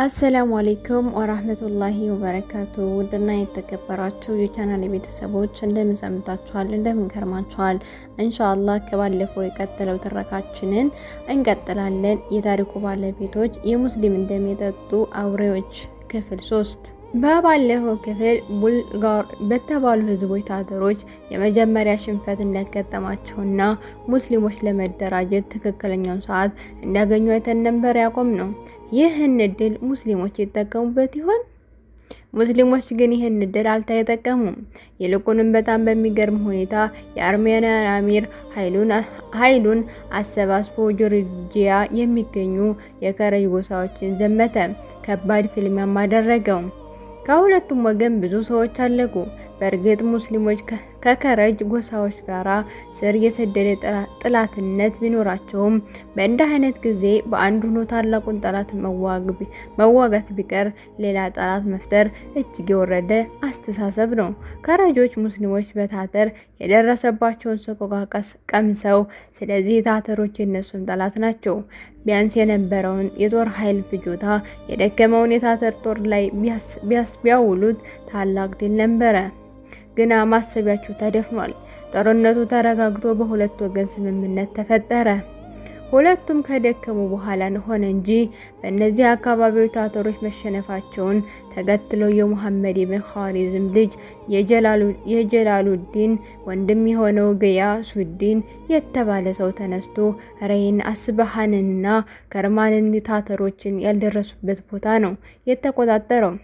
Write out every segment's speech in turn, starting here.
አሰላሙ አሌይኩም ወራህመቱላሂ ወበረካቱ። ውድና የተከበራችሁ የቻናል ቤተሰቦች እንደምን ሰምታችኋል? እንደምን ከርማችኋል? እንሻአላህ ከባለፈው የቀጠለው ትረካችንን እንቀጥላለን። የታሪኩ ባለቤቶች የሙስሊም እንደሚጠጡ አውሬዎች ክፍል ሶስት በባለፈው ክፍል ቡልጋር በተባሉ ህዝቦች ታተሮች የመጀመሪያ ሽንፈት እንዳገጠማቸውና ሙስሊሞች ለመደራጀት ትክክለኛውን ሰዓት እንዲያገኙ አይተን ነበር ያቆም ነው። ይህን እድል ሙስሊሞች ይጠቀሙበት ይሆን? ሙስሊሞች ግን ይህን እድል አልተጠቀሙም። ይልቁንም በጣም በሚገርም ሁኔታ የአርሜናውያን አሚር ኃይሉን አሰባስቦ ጆርጂያ የሚገኙ የከረጅ ጎሳዎችን ዘመተ። ከባድ ፊልሚያም አደረገው። ከሁለቱም ወገን ብዙ ሰዎች አለቁ። በእርግጥ ሙስሊሞች ከከረጅ ጎሳዎች ጋራ ስር የሰደደ ጥላትነት ቢኖራቸውም በእንዲህ አይነት ጊዜ በአንድ ሆኖ ታላቁን ጠላት መዋጋት ቢቀር ሌላ ጠላት መፍጠር እጅግ የወረደ አስተሳሰብ ነው። ከረጆች ሙስሊሞች በታተር የደረሰባቸውን ሰቆቃ ቀምሰው፣ ስለዚህ ታተሮች የነሱም ጠላት ናቸው። ቢያንስ የነበረውን የጦር ኃይል ፍጆታ የደከመውን የታተር ጦር ላይ ቢያውሉት ታላቅ ድል ነበረ። ግና ማሰቢያቸው ተደፍኗል። ጦርነቱ ተረጋግቶ በሁለት ወገን ስምምነት ተፈጠረ። ሁለቱም ከደከሙ በኋላ ሆነ እንጂ በእነዚህ አካባቢዎች ታተሮች መሸነፋቸውን ተከትለው የሙሐመድ ኢብን ኻሪዝም ልጅ የጀላሉዲን ወንድም የሆነው ገያ ሱዲን የተባለ ሰው ተነስቶ ረይን አስባሃንና ከርማንን ታተሮችን ያልደረሱበት ቦታ ነው የተቆጣጠረው።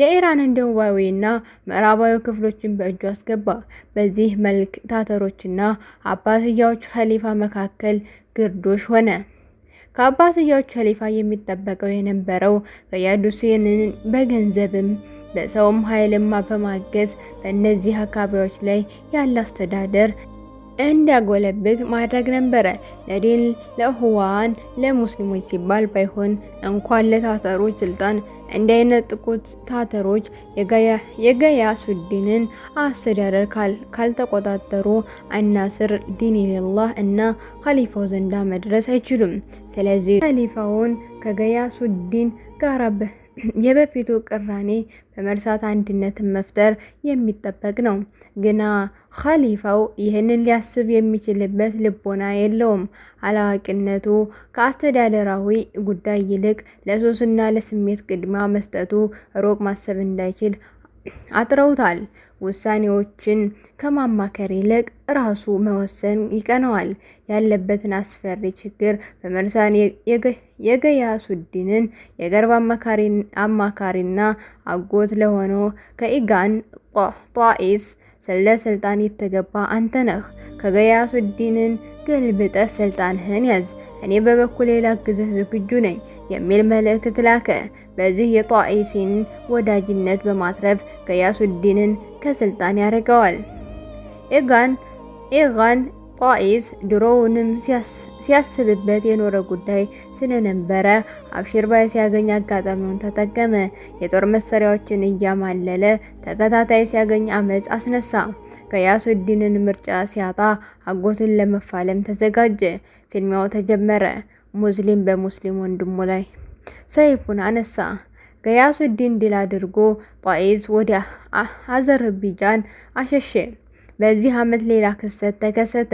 የኢራንን ደቡባዊና ምዕራባዊ ክፍሎችን በእጁ አስገባ። በዚህ መልክ ታተሮችና አባስያዎች ከሊፋ መካከል ግርዶሽ ሆነ። ከአባስያዎች ከሊፋ የሚጠበቀው የነበረው ቀያዱሴንን በገንዘብም በሰውም ኃይልማ በማገዝ በእነዚህ አካባቢዎች ላይ ያለ አስተዳደር እንዲያጎለብት ማድረግ ነበረ። ለዲን ለእህዋን ለሙስሊሞች ሲባል ባይሆን እንኳን ለታተሮች ስልጣን እንዳይነጥቁት ታተሮች የገያሱዲንን አስተዳደር ካልተቆጣጠሩ አናስር ዲንላህ እና ከሊፋው ዘንዳ መድረስ አይችሉም። ስለዚህ ከገያ ሱዲን ጋራ የበፊቱ ቅራኔ በመርሳት አንድነትን መፍጠር የሚጠበቅ ነው። ግና ኸሊፋው ይህንን ሊያስብ የሚችልበት ልቦና የለውም። አላዋቂነቱ ከአስተዳደራዊ ጉዳይ ይልቅ ለሶስና ለስሜት ቅድሚያ መስጠቱ ሮቅ ማሰብ እንዳይችል አጥረውታል። ውሳኔዎችን ከማማከር ይልቅ ራሱ መወሰን ይቀነዋል። ያለበትን አስፈሪ ችግር በመርሳን የገያሱዲንን የቅርብ አማካሪና አጎት ለሆነው ከኢጋን ጧኢስ ስለ ስልጣን የተገባ አንተ ነህ። ከገያሱዲንን ገልብጠ ስልጣንህን ያዝ፣ እኔ በበኩሌ ላግዝህ ዝግጁ ነኝ የሚል መልእክት ላከ። በዚህ የጧኢሲን ወዳጅነት በማትረፍ ገያሱዲንን ከስልጣን ያደርገዋል። ኢጋን ኢጋን ጧኢዝ ድሮውንም ሲያስብበት የኖረ ጉዳይ ስለነበረ አብሽር ባይ ሲያገኝ አጋጣሚውን ተጠቀመ። የጦር መሳሪያዎችን እያማለለ ተከታታይ ሲያገኝ አመፅ አስነሳ። ገያሱዲንን ምርጫ ሲያጣ አጎትን ለመፋለም ተዘጋጀ። ፊልሚያው ተጀመረ። ሙስሊም በሙስሊም ወንድሙ ላይ ሰይፉን አነሳ። ገያሱዲን ድል አድርጎ ጧኢዝ ወደ አዘርቢጃን አሸሸ። በዚህ ዓመት ሌላ ክስተት ተከሰተ።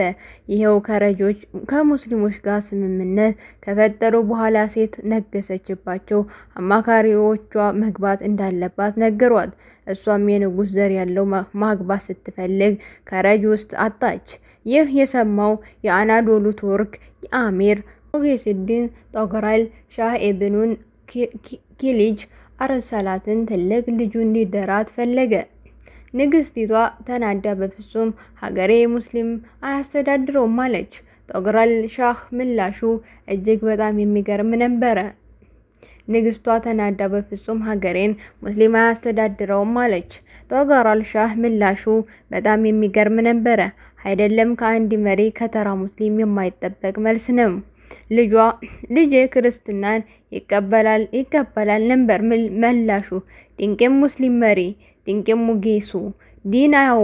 ይሄው ከረጆች ከሙስሊሞች ጋር ስምምነት ከፈጠሩ በኋላ ሴት ነገሰችባቸው። አማካሪዎቿ መግባት እንዳለባት ነገሯት። እሷም የንጉሥ ዘር ያለው ማግባት ስትፈልግ ከረጅ ውስጥ አጣች። ይህ የሰማው የአናዶሉ ቱርክ የአሚር ሞጌሲዲን ጦግራል ሻህ ኢብኑን ኪሊጅ አረሰላትን ትልቅ ልጁ እንዲደራት ፈለገ። ንግስቲቷ ተናዳ በፍጹም ሀገሬ ሙስሊም አያስተዳድረውም አለች። ጦግራል ሻህ ምላሹ እጅግ በጣም የሚገርም ነበረ። ንግስቷ ተናዳ በፍጹም ሀገሬን ሙስሊም አያስተዳድረውም አለች። ጦግራል ሻህ ምላሹ በጣም የሚገርም ነበረ። አይደለም ከአንድ መሪ ከተራ ሙስሊም የማይጠበቅ መልስ ነው። ልጇ ልጅ ክርስትናን ይቀበላል ይቀበላል ነበር ምላሹ። ድንቄም ሙስሊም መሪ ጌሱ ዲናው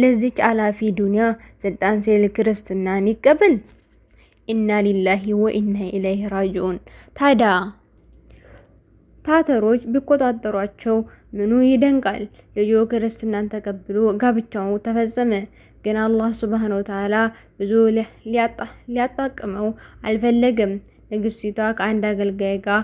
ለዚች አላፊ ዱንያ ስልጣን ሲል ክርስትናን ይቀበል። ኢና ሊላሂ ወኢና ኢለይሂ ራጂኡን። ታዳ ታተሮች ቢቆጣጠሯቸው ምኑ ይደንቃል? ልጆ ክርስትናን ተቀብሎ ጋብቻው ተፈጸመ። ግን አላህ ሱብሃነሁ ወተዓላ ብዙ ሊያጣቅመው አልፈለገም። ንግስቲቷ ከአንድ አገልጋይ ጋር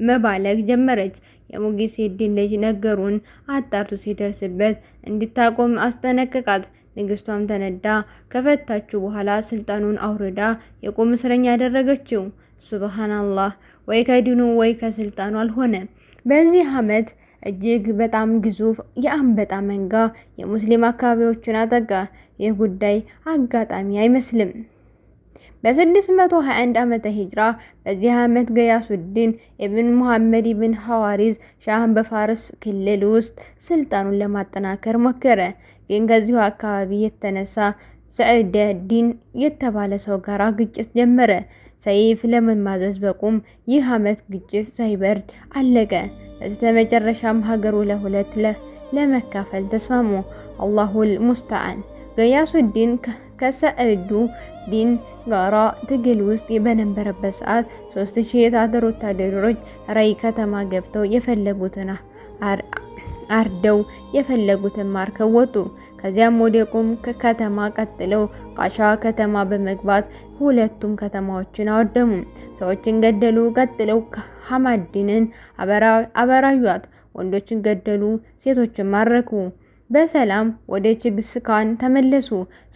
በመባለግ ጀመረች። የሙጊስ ሴት ልጅ ነገሩን አጣርቶ ሲደርስበት እንድታቆም አስጠነቀቃት ንግስቷም ተነዳ። ከፈታችሁ በኋላ ስልጣኑን አውርዳ የቁም እስረኛ ያደረገችው። ሱብሃናላህ ወይ ከዲኑ ወይ ከስልጣኑ አልሆነ። በዚህ አመት እጅግ በጣም ግዙፍ የአንበጣ መንጋ የሙስሊም አካባቢዎችን አጠቃ። ይህ ጉዳይ አጋጣሚ አይመስልም። በ621 ዓመተ ሂጅራ በዚህ ዓመት ገያሱዲን ኢብን ሙሐመድ ኢብን ሐዋሪዝ ሻህን በፋርስ ክልል ውስጥ ስልጣኑን ለማጠናከር ሞከረ። ግን ከዚሁ አካባቢ የተነሳ ዲን የተባለ ሰው ጋር ግጭት ጀመረ። ሰይፍ ለመማዘዝ በቁም ይህ ዓመት ግጭት ሳይበርድ አለቀ። በስተመጨረሻም ሀገሩ ለሁለት ለመካፈል ተስማሙ። አላሁል ሙስተዓን ገያሱዲን ከሰዕዱ ዲን ጋራ ትግል ውስጥ በነበረበት ሰዓት ሶስት ሺህ ወታደሮች ራይ ከተማ ገብተው የፈለጉትን አርደው የፈለጉትን ማርከው ወጡ። ከዚያም ወደ ቁም ከተማ ቀጥለው ቃሻ ከተማ በመግባት ሁለቱም ከተማዎችን አወደሙ፣ ሰዎችን ገደሉ። ቀጥለው ሐማዲንን አበራዩት፣ ወንዶችን ገደሉ፣ ሴቶችን ማረኩ። በሰላም ወደ ችግስካን ተመለሱ።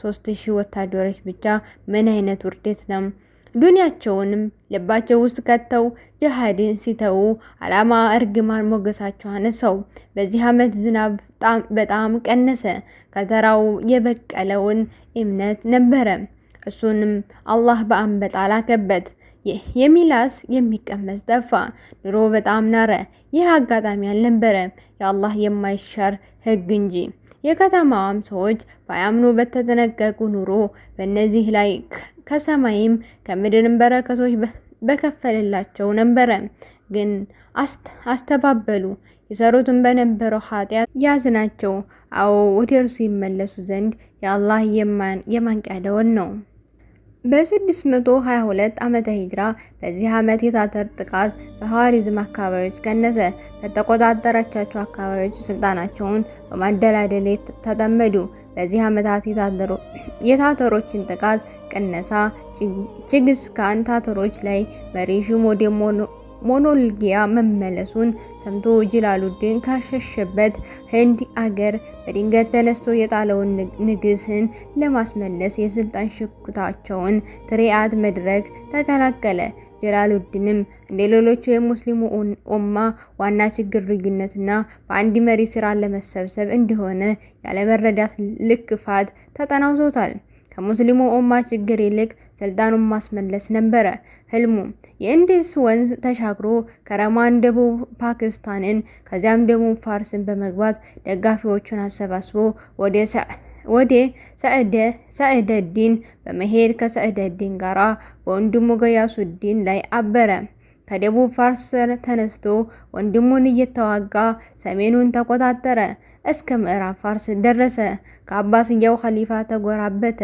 ሶስት ሺህ ወታደሮች ብቻ ምን አይነት ውርደት ነው! ዱንያቸውንም ልባቸው ውስጥ ከተው ጅሃድን ሲተዉ አላማ እርግማን ሞገሳቸው አነሰው። በዚህ ዓመት ዝናብ በጣም ቀነሰ። ከተራው የበቀለውን እምነት ነበረ። እሱንም አላህ በአንበጣ ላከበት። የሚላስ የሚቀመስ ጠፋ። ኑሮ በጣም ናረ። ይህ አጋጣሚ አልነበረም፣ የአላህ የማይሻር ህግ እንጂ። የከተማዋም ሰዎች ባያምኑ በተጠነቀቁ ኑሮ በእነዚህ ላይ ከሰማይም ከምድርም በረከቶች በከፈለላቸው ነበረ። ግን አስተባበሉ። የሰሩትን በነበረው ኃጢአት ያዝናቸው። አዎ ወደ እርሱ ይመለሱ ዘንድ የአላህ የማንቂያ ደወል ነው። በ622 ዓመተ ሂጅራ በዚህ ዓመት የታተር ጥቃት በሐዋሪዝም አካባቢዎች ቀነሰ። በተቆጣጠረቻቸው አካባቢዎች ስልጣናቸውን በማደላደል ተጠመዱ። በዚህ ዓመታት የታተሮችን ጥቃት ቅነሳ ችግስካን ታተሮች ላይ መሪ ሹሞ ሞኖልጊያ መመለሱን ሰምቶ ጅላሉዲን ካሸሸበት ህንድ አገር በድንገት ተነስቶ የጣለውን ንግስን ለማስመለስ የስልጣን ሽኩታቸውን ትሪአት መድረክ ተቀላቀለ። ጀላሉድንም እንደ ሌሎቹ የሙስሊሙ ኦማ ዋና ችግር ልዩነትና በአንድ መሪ ስራ ለመሰብሰብ እንደሆነ ያለመረዳት ልክፋት ተጠናውቶታል። ከሙስሊሙ ኡማ ችግር ይልቅ ስልጣኑን ማስመለስ ነበረ ህልሙ። የእንዲስ ወንዝ ተሻግሮ ከረማን ደቡብ ፓኪስታንን ከዚያም ደቡብ ፋርስን በመግባት ደጋፊዎቹን አሰባስቦ ወደ ወደ ሰዕደዲን በመሄድ ከሰዕደዲን ጋራ በወንድሙ ገያሱዲን ላይ አበረ። ከደቡብ ፋርስ ተነስቶ ወንድሙን እየተዋጋ ሰሜኑን ተቆጣጠረ፣ እስከ ምዕራብ ፋርስ ደረሰ። ከአባስያው ኸሊፋ ተጎራበተ።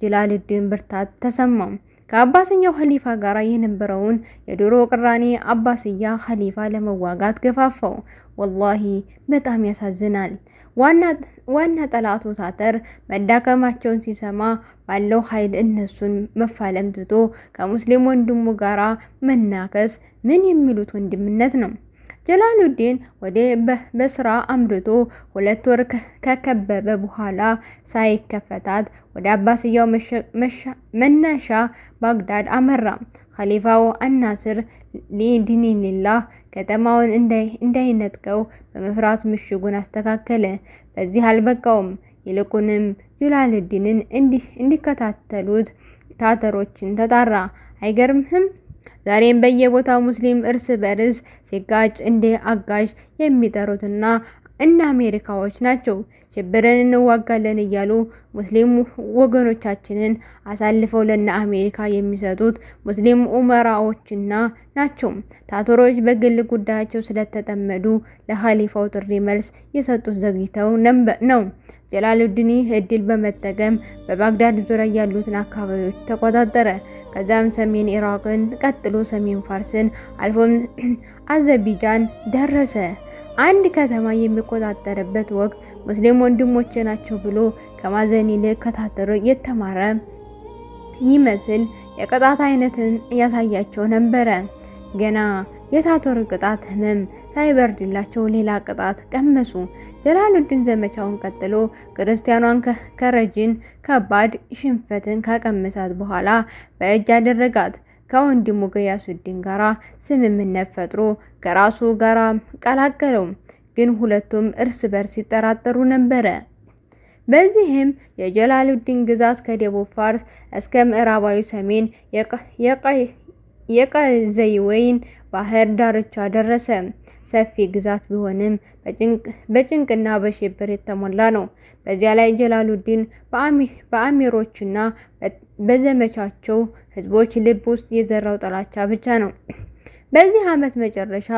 ጅላልዲን ብርታት ተሰማም። ከአባስያው ኸሊፋ ጋር የነበረውን የድሮ ቅራኔ አባስያ ኸሊፋ ለመዋጋት ገፋፋው። ወላሂ በጣም ያሳዝናል። ዋና ጠላቱ ታተር መዳከማቸውን ሲሰማ ባለው ኃይል እነሱን መፋለም ትቶ ከሙስሊም ወንድሙ ጋራ መናከስ ምን የሚሉት ወንድምነት ነው? ጀላሉዲን ወደ በስራ አምርቶ ሁለት ወር ከከበበ በኋላ ሳይከፈታት ወደ አባስያው መነሻ ባግዳድ አመራ። ኸሊፋው አናስር ሊድኒላህ ከተማውን እንዳይነጥቀው በመፍራት ምሽጉን አስተካከለ። በዚህ አልበቃውም። ይልቁንም ጀላሉዲንን እንዲከታተሉት ታተሮችን ተጣራ። አይገርምህም? ዛሬም በየቦታው ሙስሊም እርስ በርስ ሲጋጭ እንደ አጋዥ የሚጠሩትና እና አሜሪካዎች ናቸው ሽብርን እንዋጋለን እያሉ ሙስሊም ወገኖቻችንን አሳልፈው ለነ አሜሪካ የሚሰጡት ሙስሊም ኡመራዎችና ናቸው። ታቶሮች በግል ጉዳያቸው ስለተጠመዱ ለኻሊፋው ጥሪ መልስ የሰጡት ዘግይተው ነው። ጀላሉዲኒ እድል በመጠቀም በባግዳድ ዙሪያ ያሉትን አካባቢዎች ተቆጣጠረ። ከዛም ሰሜን ኢራቅን ቀጥሎ ሰሜን ፋርስን አልፎም አዘቢጃን ደረሰ። አንድ ከተማ የሚቆጣጠርበት ወቅት ሙስሊም ወንድሞቼ ናቸው ብሎ ከማዘን ይልቅ ከታተሩ የተማረ ይመስል የቅጣት አይነትን እያሳያቸው ነበረ። ገና የታቶር ቅጣት ህመም ሳይበርድላቸው ሌላ ቅጣት ቀመሱ። ጀላሉድን ዘመቻውን ቀጥሎ ክርስቲያኗን ከረጅን ከባድ ሽንፈትን ካቀመሳት በኋላ በእጅ አደረጋት። ከወንድሙ ገያሱዲን ጋራ ስምምነት ፈጥሮ ከራሱ ጋራ ቀላቀለው። ግን ሁለቱም እርስ በርስ ይጠራጠሩ ነበረ። በዚህም የጀላሉዲን ግዛት ከደቡብ ፋርስ እስከ ምዕራባዊ ሰሜን የቀዘይወይን ባህር ዳርቻ ደረሰ። ሰፊ ግዛት ቢሆንም በጭንቅና በሽብር የተሞላ ነው። በዚያ ላይ ጀላሉዲን በአሚሮችና በዘመቻቸው ህዝቦች ልብ ውስጥ የዘራው ጥላቻ ብቻ ነው። በዚህ ዓመት መጨረሻ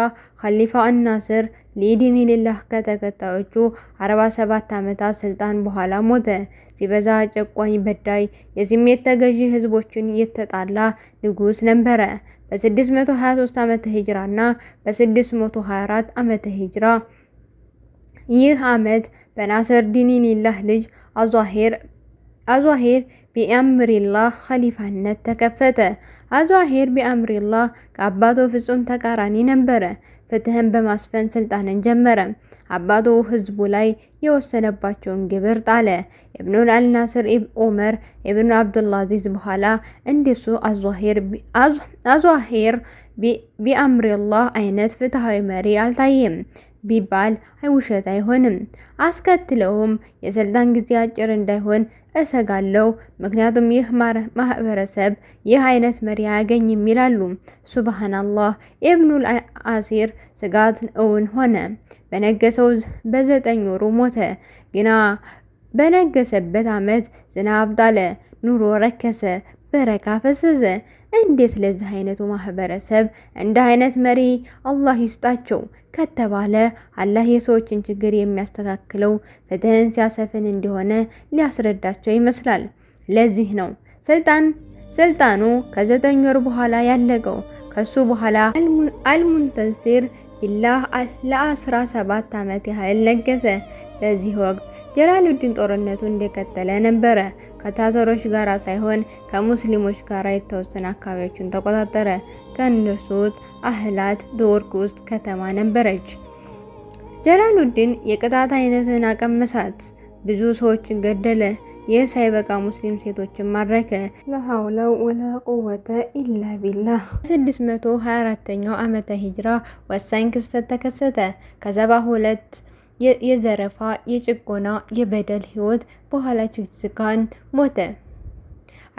ኸሊፋ አናስር ሊዲኒሊላህ ከተከታዮቹ 47 ዓመታት ስልጣን በኋላ ሞተ። ሲበዛ ጨቋኝ፣ በዳይ፣ የስሜት ተገዢ ህዝቦችን የተጣላ ንጉስ ነበረ። በ623 ዓመተ ሂጅራ እና በ624 ዓመተ ሂጅራ ይህ ዓመት በናስር ዲኒሊላህ ልጅ አዟሄር ቢአምሪላህ ኸሊፋነት ተከፈተ። አዟሄር ቢአምሪላህ ከአባቱ ፍጹም ተቃራኒ ነበረ። ፍትህን በማስፈን ስልጣንን ጀመረ። አባቱ ህዝቡ ላይ የወሰነባቸውን ግብር ጣለ። ኢብኑል አልናስር ኦመር ኢብኑ አብዱልአዚዝ በኋላ እንደሱ አዟሄር ቢአምሪላህ አይነት ፍትሃዊ መሪ አልታየም። ቢባል ውሸት አይሆንም። አስከትለውም የስልጣን ጊዜ አጭር እንዳይሆን እሰጋለው፣ ምክንያቱም ይህ ማህበረሰብ ይህ አይነት መሪ አያገኝም ይላሉ። ሱብሃናላህ ኢብኑል አሲር ስጋት እውን ሆነ። በነገሰው በዘጠኝ ወሩ ሞተ። ግና በነገሰበት አመት ዝናብ ጣለ፣ ኑሮ ረከሰ፣ በረካ ፈሰዘ! እንዴት ለዚህ አይነቱ ማህበረሰብ እንደ አይነት መሪ አላህ ይስጣቸው ከተባለ አላህ የሰዎችን ችግር የሚያስተካክለው ፍትህን ሲያሰፍን እንደሆነ ሊያስረዳቸው ይመስላል። ለዚህ ነው ስልጣን ስልጣኑ ከዘጠኝ ወር በኋላ ያለቀው። ከሱ በኋላ አልሙንተንሲር ቢላህ ለአስራ ሰባት ዓመት ያህል ነገሰ። በዚህ ወቅት ጀላሉዲን ጦርነቱ እንደቀጠለ ነበረ። ከታተሮች ጋራ ሳይሆን ከሙስሊሞች ጋራ የተወሰነ አካባቢዎችን ተቆጣጠረ። ከእነርሱ አህላት ዶርክ ውስጥ ከተማ ነበረች። ጀላሉዲን የቅጣት አይነትን አቀመሳት፣ ብዙ ሰዎችን ገደለ። ይህ ሳይበቃ ሙስሊም ሴቶችን ማረከ። ለሐውለ ወላ ቁወተ ኢላ መቶ 624 624ኛው ዓመተ ሂጅራ ወሳኝ ክስተት ተከሰተ። ከሰባ ሁለት የዘረፋ፣ የጭቆና፣ የበደል ህይወት በኋላ ችግስጋን ሞተ።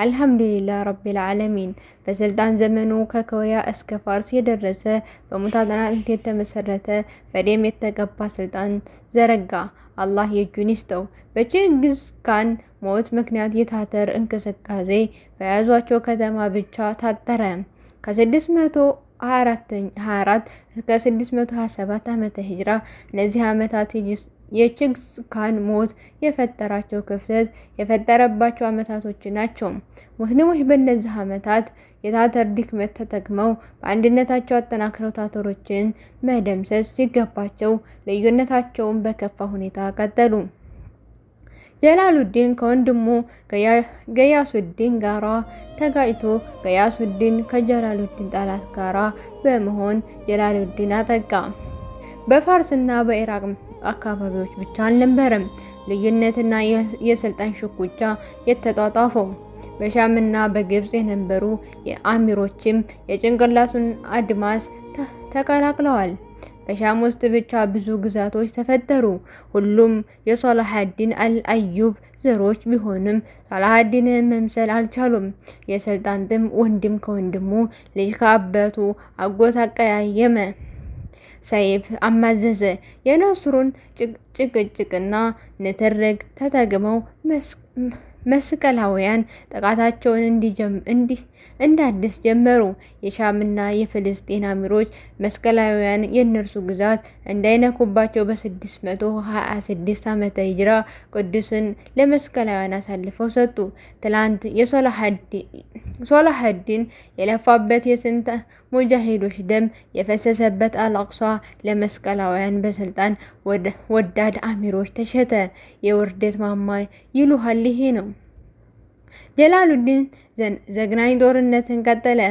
አልሐምዱሊላህ ረቢል ዓለሚን በስልጣን ዘመኑ ከኮሪያ እስከ ፋርስ የደረሰ በሙታጠናት የተመሰረተ በደም የተቀባ ስልጣን ዘረጋ። አላህ የእጁን ይስጠው። በችንግስ ካን ሞት ምክንያት የታተር እንቅስቃሴ በያዟቸው ከተማ ብቻ ታጠረ ከስድስት መቶ 24 ከ627 ዓመተ ሂጅራ። እነዚህ ዓመታት የቺግስካን ሞት የፈጠራቸው ክፍተት የፈጠረባቸው ዓመታቶች ናቸው። ሙስሊሞች በእነዚህ ዓመታት የታተር ድክመት ተጠቅመው በአንድነታቸው አጠናክረው ታተሮችን መደምሰስ ሲገባቸው ልዩነታቸውን በከፋ ሁኔታ ቀጠሉ። ጀላሉዲን ከወንድሙ ገያሱዲን ጋራ ተጋጭቶ ገያሱዲን ከጀላሉዲን ጠላት ጋራ በመሆን ጀላሉዲን አጠቃ። በፋርስና በኢራቅ አካባቢዎች ብቻ አልነበረም ልዩነትና የስልጣን ሽኩቻ የተጧጧፈው። በሻምና በግብፅ የነበሩ አሚሮችም የጭንቅላቱን አድማስ ተቀላቅለዋል። በሻም ውስጥ ብቻ ብዙ ግዛቶች ተፈጠሩ። ሁሉም የሶላሐዲን አልአዩብ ዘሮች ቢሆንም ሶላሃዲንን መምሰል አልቻሉም። የስልጣን ጥም ወንድም ከወንድሙ ልጅ ከአባቱ አጎት አቀያየመ ሰይፍ አማዘዘ። የነስሩን ጭቅጭቅና ንትርክ ተጠቅመው መስቀላውያን ጥቃታቸውን እንዲህ ጀመሩ። የሻምና የፍልስጤን አሚሮች መስቀላውያን የእነርሱ ግዛት እንዳይነኩባቸው በ626 ዓመተ ሂጅራ ቅዱስን ለመስቀላውያን አሳልፈው ሰጡ። ትላንት የሶላሐዲን የለፋበት የስንት ሙጃሂዶች ደም የፈሰሰበት አልአቅሷ ለመስቀላውያን በስልጣን ወዳድ አሚሮች ተሸተ። የውርደት ማማ ይሉሃል ይሄ ነው። ጀላሉዲን ዘግናኝ ጦርነትን ቀጠለ።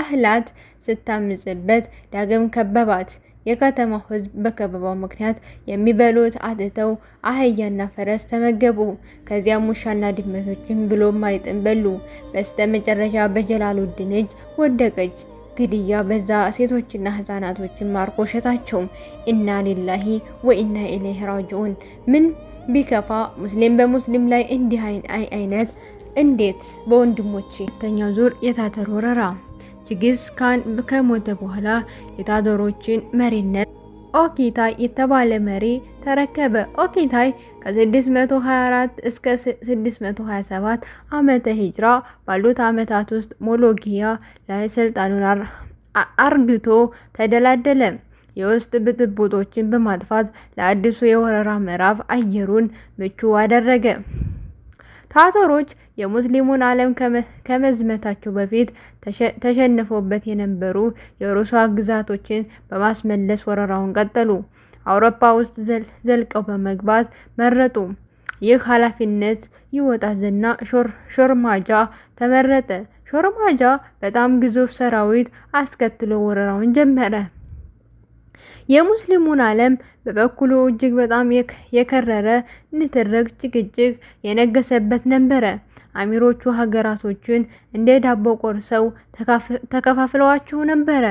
አህላት ስታምጽበት ዳግም ከበባት። የከተማው ሕዝብ በከበባው ምክንያት የሚበሉት አጥተው አህያና ፈረስ ተመገቡ። ከዚያም ውሻና ድመቶችን ብሎ ማይጥን በሉ። በስተ መጨረሻ በጀላሉዲን እጅ ወደቀች። ግድያ በዛ። ሴቶችና ህፃናቶችን ማርኮ ሸታቸው። ኢና ሊላሂ ወኢና ኢለይሂ ራጅዑን ምን ቢከፋ ሙስሊም በሙስሊም ላይ እንዲህ አይነት እንዴት በወንድሞቼ ተኛው ዙር የታተር ወረራ ችግስ ካን ከሞተ በኋላ የታተሮችን መሪነት ኦኪታይ የተባለ መሪ ተረከበ። ኦኪታይ ከ624 እስከ 627 ዓመተ ሂጅራ ባሉት ዓመታት ውስጥ ሞሎጊያ ላይ ስልጣኑን አርግቶ ተደላደለ። የውስጥ ብጥብጦችን በማጥፋት ለአዲሱ የወረራ ምዕራፍ አየሩን ምቹ አደረገ። ታቶሮች የሙስሊሙን ዓለም ከመዝመታቸው በፊት ተሸንፈውበት የነበሩ የሩሳ ግዛቶችን በማስመለስ ወረራውን ቀጠሉ። አውሮፓ ውስጥ ዘልቀው በመግባት መረጡ። ይህ ኃላፊነት ይወጣ ዘና ሾርማጃ ተመረጠ። ሾርማጃ በጣም ግዙፍ ሰራዊት አስከትሎ ወረራውን ጀመረ። የሙስሊሙን ዓለም በበኩሉ እጅግ በጣም የከረረ ንትርክ፣ ጭቅጭቅ የነገሰበት ነበረ። አሚሮቹ ሀገራቶችን እንደ ዳቦ ቆርሰው ተከፋፍለዋቸው ነበረ።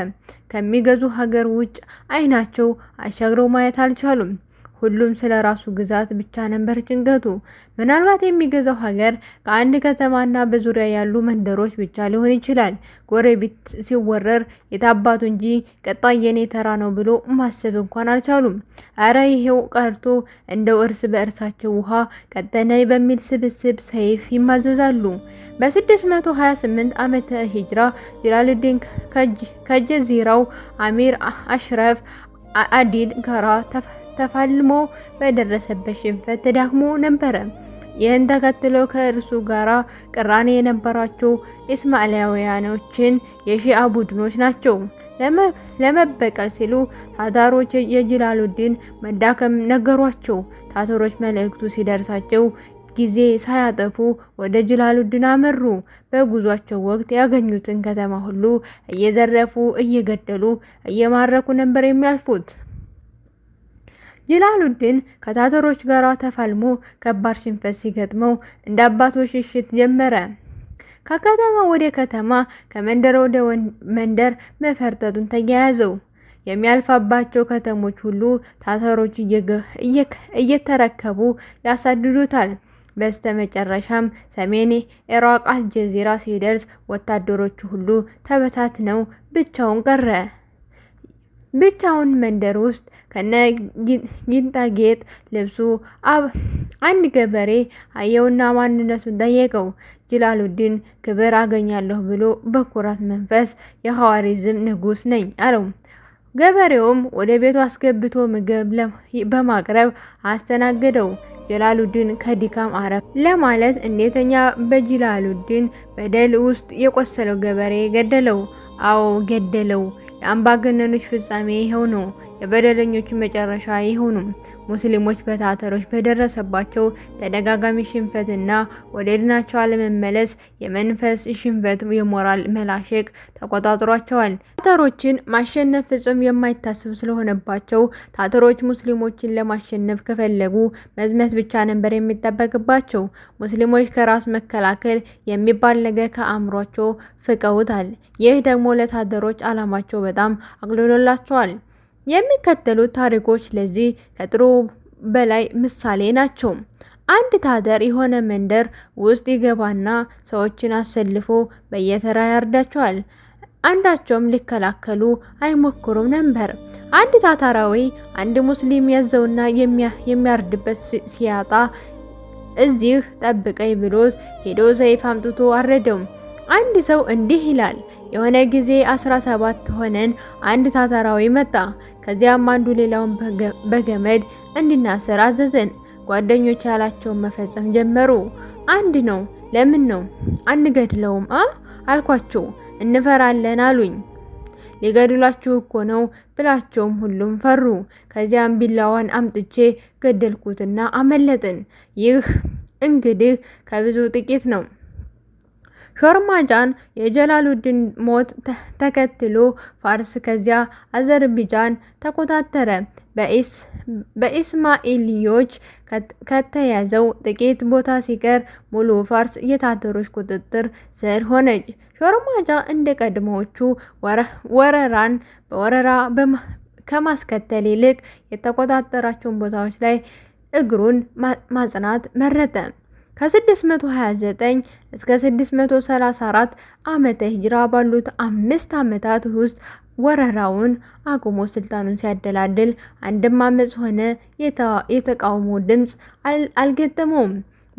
ከሚገዙ ሀገር ውጭ አይናቸው አሻግረው ማየት አልቻሉም። ሁሉም ስለ ራሱ ግዛት ብቻ ነበር ጭንቀቱ። ምናልባት የሚገዛው ሀገር ከአንድ ከተማና በዙሪያ ያሉ መንደሮች ብቻ ሊሆን ይችላል። ጎረቤት ሲወረር የታባቱ እንጂ ቀጣይ የኔ ተራ ነው ብሎ ማሰብ እንኳን አልቻሉም። አረ ይሄው ቀርቶ እንደው እርስ በእርሳቸው ውሃ ቀጠነ በሚል ስብስብ ሰይፍ ይማዘዛሉ። በ628 ዓመተ ሂጅራ ጅላልዲን ከጀዚራው አሚር አሽረፍ አዲል ጋራ ተፋልሞ በደረሰበት ሽንፈት ተዳክሞ ነበረ። ይህን ተከትሎ ከእርሱ ጋር ቅራኔ የነበራቸው እስማኤላውያኖችን የሺአ ቡድኖች ናቸው። ለመበቀል ሲሉ ታታሮች የጅላሉዲን መዳከም ነገሯቸው። ታታሮች መልእክቱ ሲደርሳቸው ጊዜ ሳያጠፉ ወደ ጅላሉዲን አመሩ። በጉዟቸው ወቅት ያገኙትን ከተማ ሁሉ እየዘረፉ እየገደሉ እየማረኩ ነበር የሚያልፉት። ጀላሉዲን ከታተሮች ጋር ተፋልሞ ከባድ ሽንፈት ሲገጥመው እንደ አባቶች ሽሽት ጀመረ። ከከተማ ወደ ከተማ፣ ከመንደር ወደ መንደር መፈርጠጡን ተያያዘው። የሚያልፋባቸው ከተሞች ሁሉ ታተሮች እየተረከቡ ያሳድዱታል። በስተ መጨረሻም ሰሜን ኢራቅ አልጀዚራ ሲደርስ ወታደሮቹ ሁሉ ተበታትነው ብቻውን ቀረ። ብቻውን መንደር ውስጥ ከነ ጊንጣጌጥ ልብሱ አንድ ገበሬ አየውና ማንነቱን ጠየቀው። ጅላሉዲን ክብር አገኛለሁ ብሎ በኩራት መንፈስ የሐዋሪዝም ንጉስ ነኝ አለው። ገበሬውም ወደ ቤቱ አስገብቶ ምግብ በማቅረብ አስተናገደው። ጀላሉዲን ከድካም አረፍ ለማለት እንዴተኛ በጅላሉዲን በደል ውስጥ የቆሰለው ገበሬ ገደለው። አዎ ገደለው። የአምባገነኖች ፍጻሜ ይኸው ነው። የበደለኞቹ መጨረሻ ይሆኑ። ሙስሊሞች በታተሮች በደረሰባቸው ተደጋጋሚ ሽንፈትና ወደ ድናቸው አለመመለስ የመንፈስ ሽንፈት፣ የሞራል መላሸቅ ተቆጣጥሯቸዋል። ታተሮችን ማሸነፍ ፍጹም የማይታሰብ ስለሆነባቸው ታተሮች ሙስሊሞችን ለማሸነፍ ከፈለጉ መዝመት ብቻ ነበር የሚጠበቅባቸው። ሙስሊሞች ከራስ መከላከል የሚባል ነገር ከአእምሯቸው ፍቀውታል። ይህ ደግሞ ለታተሮች አላማቸው በጣም አቅልሎላቸዋል። የሚከተሉት ታሪኮች ለዚህ ከጥሩ በላይ ምሳሌ ናቸው። አንድ ታደር የሆነ መንደር ውስጥ ይገባና ሰዎችን አሰልፎ በየተራ ያርዳቸዋል። አንዳቸውም ሊከላከሉ አይሞክሩም ነበር። አንድ ታታራዊ አንድ ሙስሊም ያዘውና የሚያርድበት ሲያጣ እዚህ ጠብቀኝ ብሎት ሄዶ ሰይፍ አምጥቶ አረደው። አንድ ሰው እንዲህ ይላል፣ የሆነ ጊዜ 17 ሆነን አንድ ታታራዊ መጣ። ከዚያም አንዱ ሌላውን በገመድ እንድናሰር አዘዘን። ጓደኞች ያላቸውን መፈጸም ጀመሩ። አንድ ነው፣ ለምን ነው አንገድለውም አ አልኳቸው። እንፈራለን አሉኝ። ሊገድሏችሁ እኮ ነው ብላቸውም ሁሉም ፈሩ። ከዚያም ቢላዋን አምጥቼ ገደልኩትና አመለጥን። ይህ እንግዲህ ከብዙ ጥቂት ነው። ሾርማጃን የጀላሉድን ሞት ተከትሎ ፋርስ ከዚያ አዘርቢጃን ተቆጣጠረ። በኢስማኤልዮች ከተያዘው ጥቂት ቦታ ሲቀር ሙሉ ፋርስ የታተሮች ቁጥጥር ስር ሆነች። ሾርማጃ እንደ ቀድሞዎቹ ወረራን በወረራ ከማስከተል ይልቅ የተቆጣጠራቸውን ቦታዎች ላይ እግሩን ማጽናት መረጠ። ከ629 እስከ 634 ዓመተ ሂጅራ ባሉት አምስት ዓመታት ውስጥ ወረራውን አቁሞ ስልጣኑን ሲያደላድል አንድም አመፅ ሆነ የተቃውሞ ድምፅ አልገጠመውም።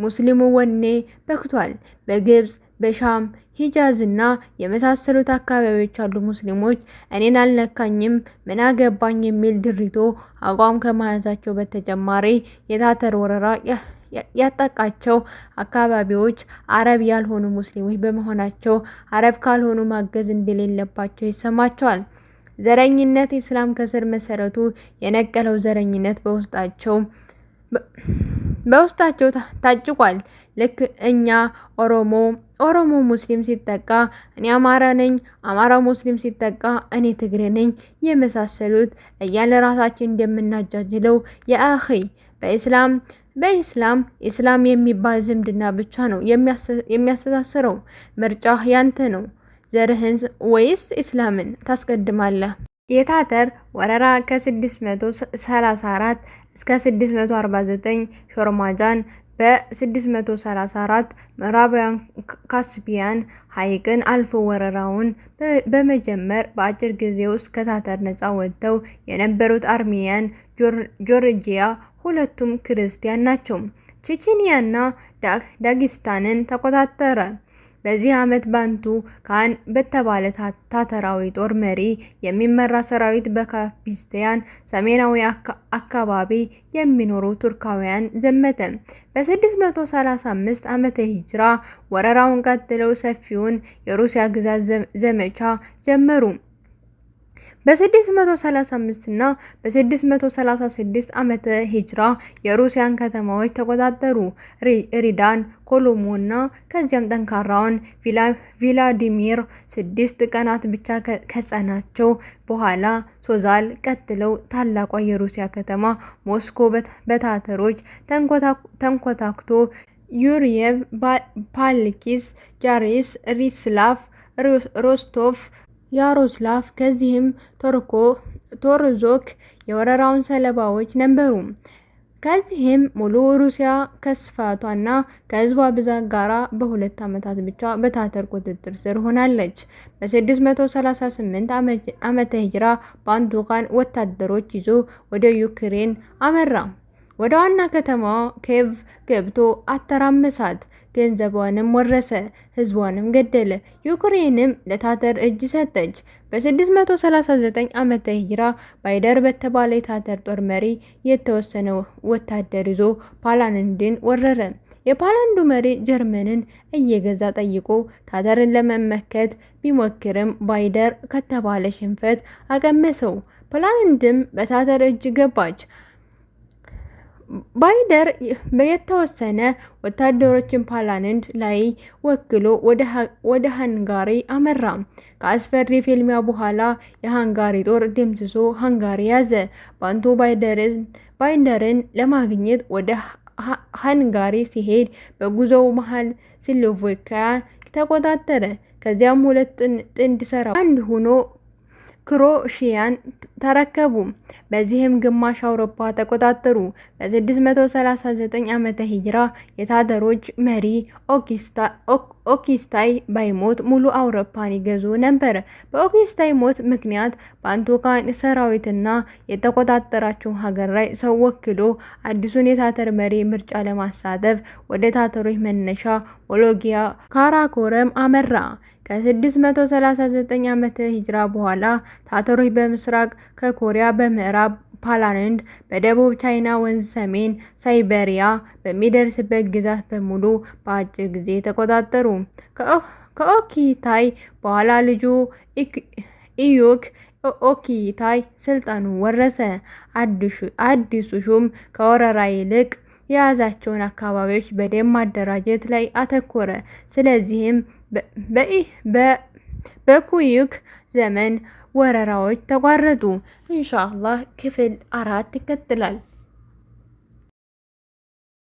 ሙስሊሙ ወኔ በክቷል። በግብፅ፣ በሻም፣ ሂጃዝና የመሳሰሉት አካባቢዎች ያሉ ሙስሊሞች እኔን አልነካኝም ምን አገባኝ የሚል ድሪቶ አቋም ከመያዛቸው በተጨማሪ የታተር ወረራ ያጠቃቸው አካባቢዎች አረብ ያልሆኑ ሙስሊሞች በመሆናቸው አረብ ካልሆኑ ማገዝ እንደሌለባቸው ይሰማቸዋል። ዘረኝነት ኢስላም ከስር መሰረቱ የነቀለው ዘረኝነት በውስጣቸው በውስጣቸው ታጭቋል። ልክ እኛ ኦሮሞ ኦሮሞ ሙስሊም ሲጠቃ እኔ አማራ ነኝ፣ አማራ ሙስሊም ሲጠቃ እኔ ትግሬ ነኝ የመሳሰሉት እያለ ራሳችን እንደምናጃጅለው የአኺ በኢስላም በኢስላም ኢስላም የሚባል ዝምድና ብቻ ነው የሚያስተሳስረው። ምርጫ ያንተ ነው። ዘርህን ወይስ ኢስላምን ታስቀድማለህ? የታተር ወረራ ከ634 እስከ 649 ሾርማጃን በ634 ምዕራባውያን ካስፒያን ሐይቅን አልፎ ወረራውን በመጀመር በአጭር ጊዜ ውስጥ ከታተር ነፃ ወጥተው የነበሩት አርሚያን ጆርጂያ ሁለቱም ክርስቲያን ናቸው። ቼቼንያና ዳጊስታንን ተቆጣጠረ። በዚህ ዓመት ባንቱ ካን በተባለ ታታራዊ ጦር መሪ የሚመራ ሰራዊት በካፒስቲያን ሰሜናዊ አካባቢ የሚኖሩ ቱርካውያን ዘመተ። በ635 ዓመተ ሂጅራ ወረራውን ቀጥለው ሰፊውን የሩሲያ ግዛት ዘመቻ ጀመሩ። በ635 እና በ636 ዓመተ ሂጅራ የሩሲያን ከተማዎች ተቆጣጠሩ። ሪዳን፣ ኮሎሞ እና ከዚያም ጠንካራውን ቪላዲሚር ስድስት ቀናት ብቻ ከጸናቸው በኋላ ሶዛል ቀጥለው ታላቋ የሩሲያ ከተማ ሞስኮ በታተሮች ተንኮታክቶ ዩርየቭ፣ ፓልኪስ፣ ጃሪስ ሪስላፍ፣ ሮስቶቭ ያሮስላፍ ከዚህም ቶርዞክ የወረራውን ሰለባዎች ነበሩ። ከዚህም ሙሉ ሩሲያ ከስፋቷና ከህዝቧ ብዛት ጋራ በሁለት ዓመታት ብቻ በታተር ቁጥጥር ስር ሆናለች። በ638 ዓመተ ሂጅራ በአንዱ ቃን ወታደሮች ይዞ ወደ ዩክሬን አመራ። ወደ ዋና ከተማዋ ኬቭ ገብቶ አተራመሳት። ገንዘቧንም ወረሰ፣ ህዝቧንም ገደለ። ዩክሬንም ለታተር እጅ ሰጠች። በ639 ዓመተ ሂጅራ ባይደር በተባለ የታተር ጦር መሪ የተወሰነ ወታደር ይዞ ፓላንድን ወረረ። የፓላንዱ መሪ ጀርመንን እየገዛ ጠይቆ ታተርን ለመመከት ቢሞክርም ባይደር ከተባለ ሽንፈት አቀመሰው። ፖላንድም በታተር እጅ ገባች። ባይደር የተወሰነ ወታደሮችን ፖላንድ ላይ ወክሎ ወደ ሃንጋሪ አመራ። ከአስፈሪ ፊልሚያ በኋላ የሃንጋሪ ጦር ደምስሶ ሃንጋሪ ያዘ። ባንቱ ባይደርን ለማግኘት ወደ ሃንጋሪ ሲሄድ በጉዞው መሃል ስሎቫኪያ ተቆጣጠረ። ከዚያም ሁለት ጥንድ ሰራ አንድ ሆኖ ክሮሺያን ተረከቡ። በዚህም ግማሽ አውሮፓ ተቆጣጠሩ። በ639 ዓመተ ሂጅራ የታተሮች መሪ ኦኪስታይ ባይሞት ሙሉ አውሮፓን ይገዙ ነበር። በኦኪስታይ ሞት ምክንያት በአንቶካን ሰራዊትና የተቆጣጠራቸው ሀገር ላይ ሰው ወክሎ አዲሱን የታተር መሪ ምርጫ ለማሳተፍ ወደ ታተሮች መነሻ ሞሎጊያ ካራኮረም አመራ። ከ639 ዓመተ ሂጅራ በኋላ ታተሮች በምስራቅ ከኮሪያ በምዕራብ ፓላንድ በደቡብ ቻይና ወንዝ ሰሜን ሳይበሪያ በሚደርስበት ግዛት በሙሉ በአጭር ጊዜ ተቆጣጠሩ። ከኦኪታይ በኋላ ልጁ ኢዩክ ኦኪታይ ስልጣኑ ወረሰ። አዲሱ ሹም ከወረራ ይልቅ የያዛቸውን አካባቢዎች በደም ማደራጀት ላይ አተኮረ። ስለዚህም بقي ب بكو يك زمن ورا روج تقردو إن شاء الله كفل أراد تكتلال